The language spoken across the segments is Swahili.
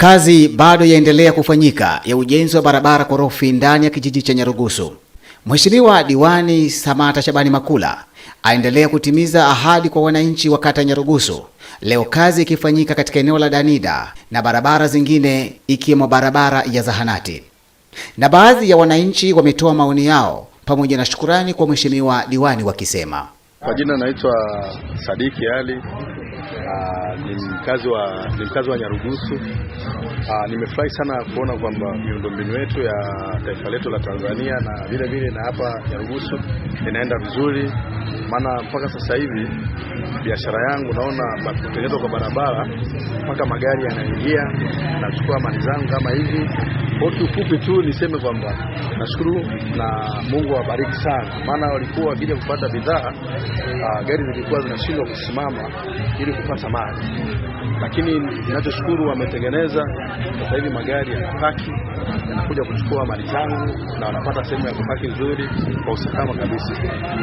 Kazi bado yaendelea kufanyika ya ujenzi wa barabara korofi ndani ya kijiji cha Nyarugusu. Mheshimiwa Diwani Samata Shabani Makula aendelea kutimiza ahadi kwa wananchi wa kata Nyarugusu, leo kazi ikifanyika katika eneo la Danida na barabara zingine ikiwemo barabara ya zahanati, na baadhi ya wananchi wametoa maoni yao pamoja na shukurani kwa Mheshimiwa Diwani wakisema, kwa jina naitwa Sadiki Ali Ah, ni mkazi wa, ni mkazi wa Nyarugusu. Ah, nimefurahi sana kuona kwamba miundombinu yetu ya taifa letu la Tanzania na vile vile na hapa Nyarugusu inaenda vizuri, maana mpaka sasa hivi biashara yangu naona kutengenezwa kwa barabara mpaka magari yanaingia, nachukua mali zangu kama hivi. Kwa kiufupi tu niseme kwamba nashukuru na Mungu awabariki sana, maana walikuwa wakija kupata bidhaa ah, gari zilikuwa zinashindwa kusimama ili faça mais. lakini ninachoshukuru wametengeneza sasa hivi magari yanapaki, yanakuja kuchukua mali zangu na wanapata sehemu ya kupaki nzuri kwa usalama kabisa.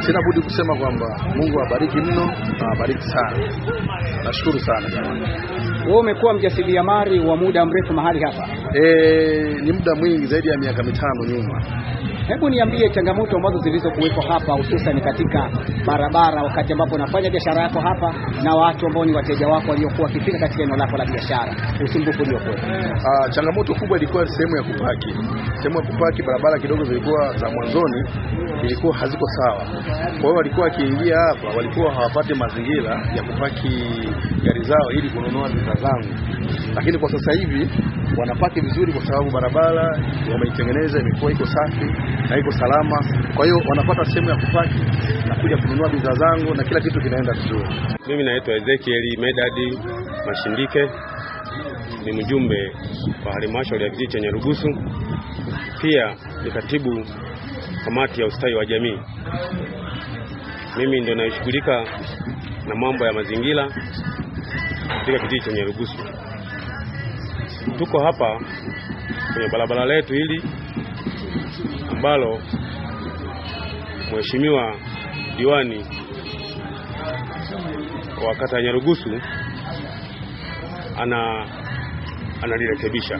Sina budi kusema kwamba Mungu awabariki mno na awabariki sana. Nashukuru sana jamani. Wewe umekuwa mjasiriamali wa muda mrefu mahali hapa? E, ni muda mwingi zaidi ya miaka mitano nyuma. Hebu niambie changamoto ambazo zilizokuwepo hapa hususan katika barabara, wakati ambapo unafanya biashara yako hapa na watu ambao ni wateja wako waliokuwa wakifika katika eneo lako la biashara, usumbufu uliokuwa. Uh, changamoto kubwa ilikuwa sehemu ya kupaki, sehemu ya kupaki, barabara kidogo zilikuwa za mwanzoni ilikuwa haziko sawa, kwa hiyo walikuwa wakiingia hapa walikuwa hawapate mazingira ya kupaki gari zao ili kununua bidhaa zangu, lakini kwa sasa hivi wanapaki vizuri, kwa sababu barabara wameitengeneza, imekuwa iko safi na iko salama. Kwa hiyo wanapata sehemu ya kupaki na kuja kununua bidhaa zangu na kila kitu kinaenda vizuri. Mimi naitwa Ezekiel Medadi Mashindike ni mjumbe wa halmashauri ya kijiji cha Nyarugusu, pia ni katibu kamati ya ustawi wa jamii. Mimi ndio nayoshughulika na mambo ya mazingira katika kijiji cha Nyarugusu. Tuko hapa kwenye barabara letu hili ambalo mheshimiwa diwani wa kata ya Nyarugusu ana analirekebisha.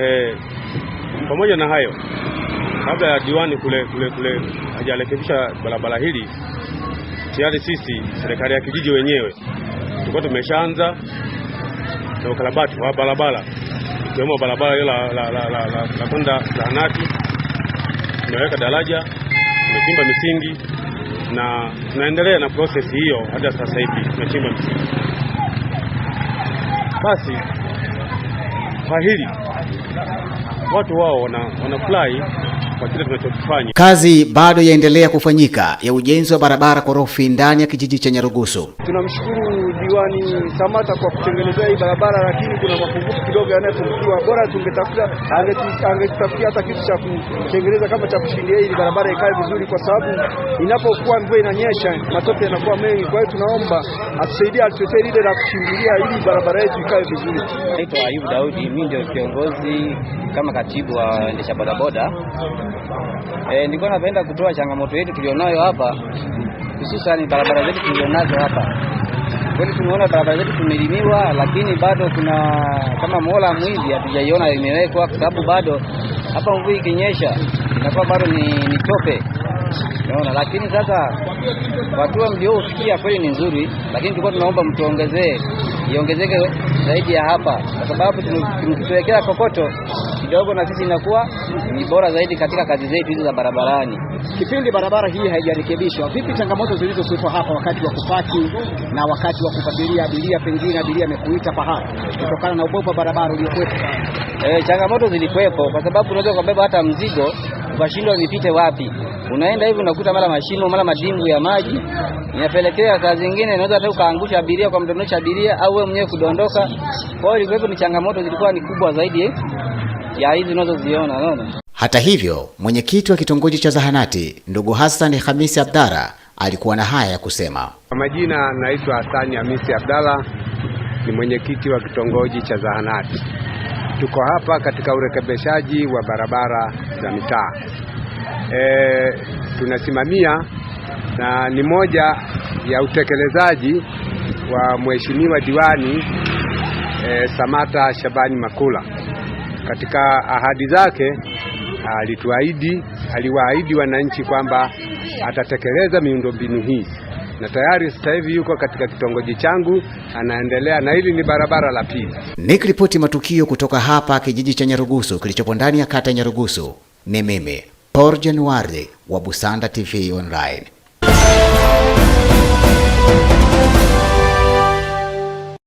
E, pamoja na hayo, kabla ya diwani kule kule kule hajarekebisha barabara hili, tayari sisi serikali ya kijiji wenyewe tulikuwa tumeshaanza na ukarabati wa barabara ikiwemo barabara hiyo la, la, la, la, la, la kwenda zahanati, tumeweka daraja, tumechimba misingi na tunaendelea na prosesi hiyo hata sasa hivi, tumechimba misingi basi kwa hili watu wao fly kwa kile tunachokifanya. Kazi bado yaendelea kufanyika ya ujenzi wa barabara korofi ndani ya kijiji cha Nyarugusu. Tunamshukuru diwani Samata kwa kutengenezea hii barabara, lakini kuna mapungufu kidogo yanayopungukiwa. Bora tungetafuta angetutafutia hata kitu cha kutengeneza kama cha kushindia hii barabara ikae vizuri, kwa sababu inapokuwa mvua inanyesha matope yanakuwa mengi. Kwa hiyo tunaomba atusaidie, atutetee lile la kushindilia ili barabara yetu ikae vizuri. Naitwa Ayub Daudi, mimi ndio kiongozi kama katibu wa endesha bodaboda. Eh, nilikuwa napenda kutoa changamoto yetu tulionayo hapa, hususani barabara zetu tulionazo hapa Kweli tumeona barabara zetu tumelimiwa, lakini bado kuna kama mola mwizi, hatujaiona imewekwa, kwa sababu bado hapa mvua ikinyesha inakuwa bado ni, ni tope naona. Lakini sasa hatua mlioufikia kweli ni nzuri, lakini tulikuwa tunaomba mtuongezee, iongezeke zaidi ya hapa, kwa sababu tumetuwekea kokoto kidogo na sisi inakuwa ni bora zaidi katika kazi zetu hizi za barabarani. Kipindi barabara hii haijarekebishwa, vipi changamoto zilizosifwa hapa wakati wa kupaki na wakati wa kufuatilia abiria, pengine abiria amekuita pahala kutokana na ubovu wa barabara uliokuwepo? E, changamoto zilikuwepo kwa sababu unaweza kubeba hata mzigo ukashindwa nipite wapi. Unaenda hivi unakuta mara mashimo mara madimbu ya maji, inapelekea saa zingine inaweza hata ukaangusha abiria kwa mdondosha abiria au wewe mwenyewe kudondoka. Kwa hiyo ilikuwepo, ni changamoto zilikuwa ni kubwa zaidi ya hizi unazoziona, unaona. Hata hivyo, mwenyekiti wa kitongoji cha zahanati ndugu Hassan Hamisi Abdara alikuwa na haya ya kusema. Kwa majina, naitwa Hassan Hamisi Abdalla, ni mwenyekiti wa kitongoji cha zahanati. Tuko hapa katika urekebishaji wa barabara za mitaa e, tunasimamia na ni moja ya utekelezaji wa mheshimiwa diwani e, Samata Shabani Makula katika ahadi zake alituahidi, aliwaahidi wananchi kwamba atatekeleza miundombinu hii, na tayari sasa hivi yuko katika kitongoji changu anaendelea, na hili ni barabara la pili. Nikiripoti matukio kutoka hapa kijiji cha Nyarugusu kilichopo ndani ya kata ya Nyarugusu, ni mimi Paul Januari wa Busanda TV Online.